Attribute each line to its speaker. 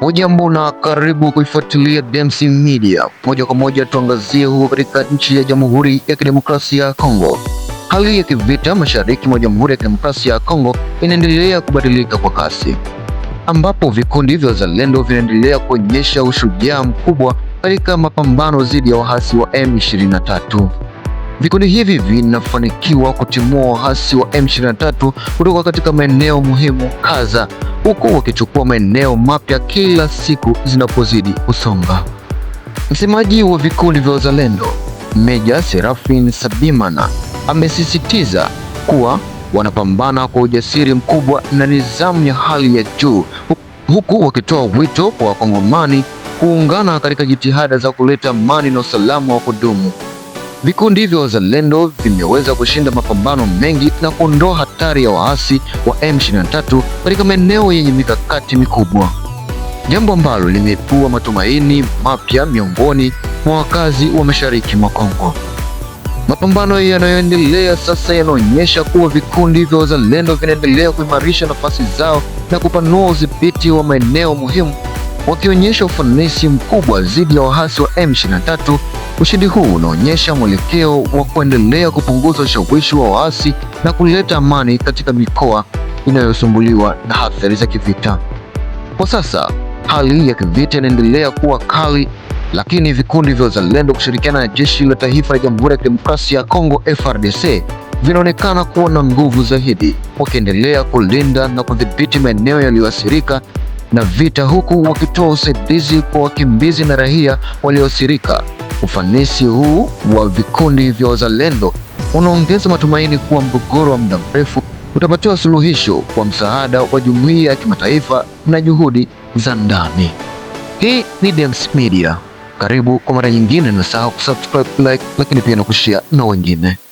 Speaker 1: Hujambo na karibu kuifuatilia Dems Media. Moja kwa moja tuangazie huko katika nchi ya Jamhuri ya Kidemokrasia ya Kongo. Hali ya kivita mashariki mwa Jamhuri ya Kidemokrasia ya Kongo inaendelea kubadilika kwa kasi, ambapo vikundi vya wazalendo vinaendelea kuonyesha ushujaa mkubwa katika mapambano dhidi ya waasi wa M23. Vikundi hivi vinafanikiwa kutimua waasi wa M23 kutoka katika maeneo muhimu kadhaa huku wakichukua maeneo mapya kila siku zinapozidi kusonga. Msemaji wa vikundi vya uzalendo Meja Serafin Sabimana amesisitiza kuwa wanapambana kwa ujasiri mkubwa na nidhamu ya hali ya juu, huku wakitoa wito kwa Wakongomani kuungana katika jitihada za kuleta amani na usalama wa kudumu. Vikundi hivyo wazalendo vimeweza kushinda mapambano mengi na kuondoa hatari ya waasi wa M23 katika maeneo yenye mikakati mikubwa, jambo ambalo limeipua matumaini mapya miongoni mwa wakazi wa mashariki mwa Kongo. Mapambano yanayoendelea sasa yanaonyesha kuwa vikundi vya wazalendo vinaendelea kuimarisha nafasi zao na kupanua udhibiti wa maeneo muhimu wakionyesha ufanisi mkubwa dhidi ya waasi wa M23. Ushindi huu unaonyesha mwelekeo wa kuendelea kupunguza ushawishi wa waasi na kuleta amani katika mikoa inayosumbuliwa na athari za kivita. Kwa sasa hali ya kivita inaendelea kuwa kali, lakini vikundi vya uzalendo kushirikiana na jeshi la taifa la Jamhuri ya Kidemokrasia ya Kongo frdc vinaonekana kuwa na nguvu zaidi, wakiendelea kulinda na kudhibiti maeneo yaliyoathirika na vita, huku wakitoa usaidizi kwa wakimbizi na raia walioathirika. Ufanisi huu wa vikundi vya wazalendo unaongeza matumaini kuwa mgogoro wa muda mrefu utapatiwa suluhisho kwa msaada wa jumuiya ya kimataifa na juhudi za ndani. Hii ni Dems Media. Karibu kwa mara nyingine, na sahau kusubscribe, like, lakini pia na kushare na wengine.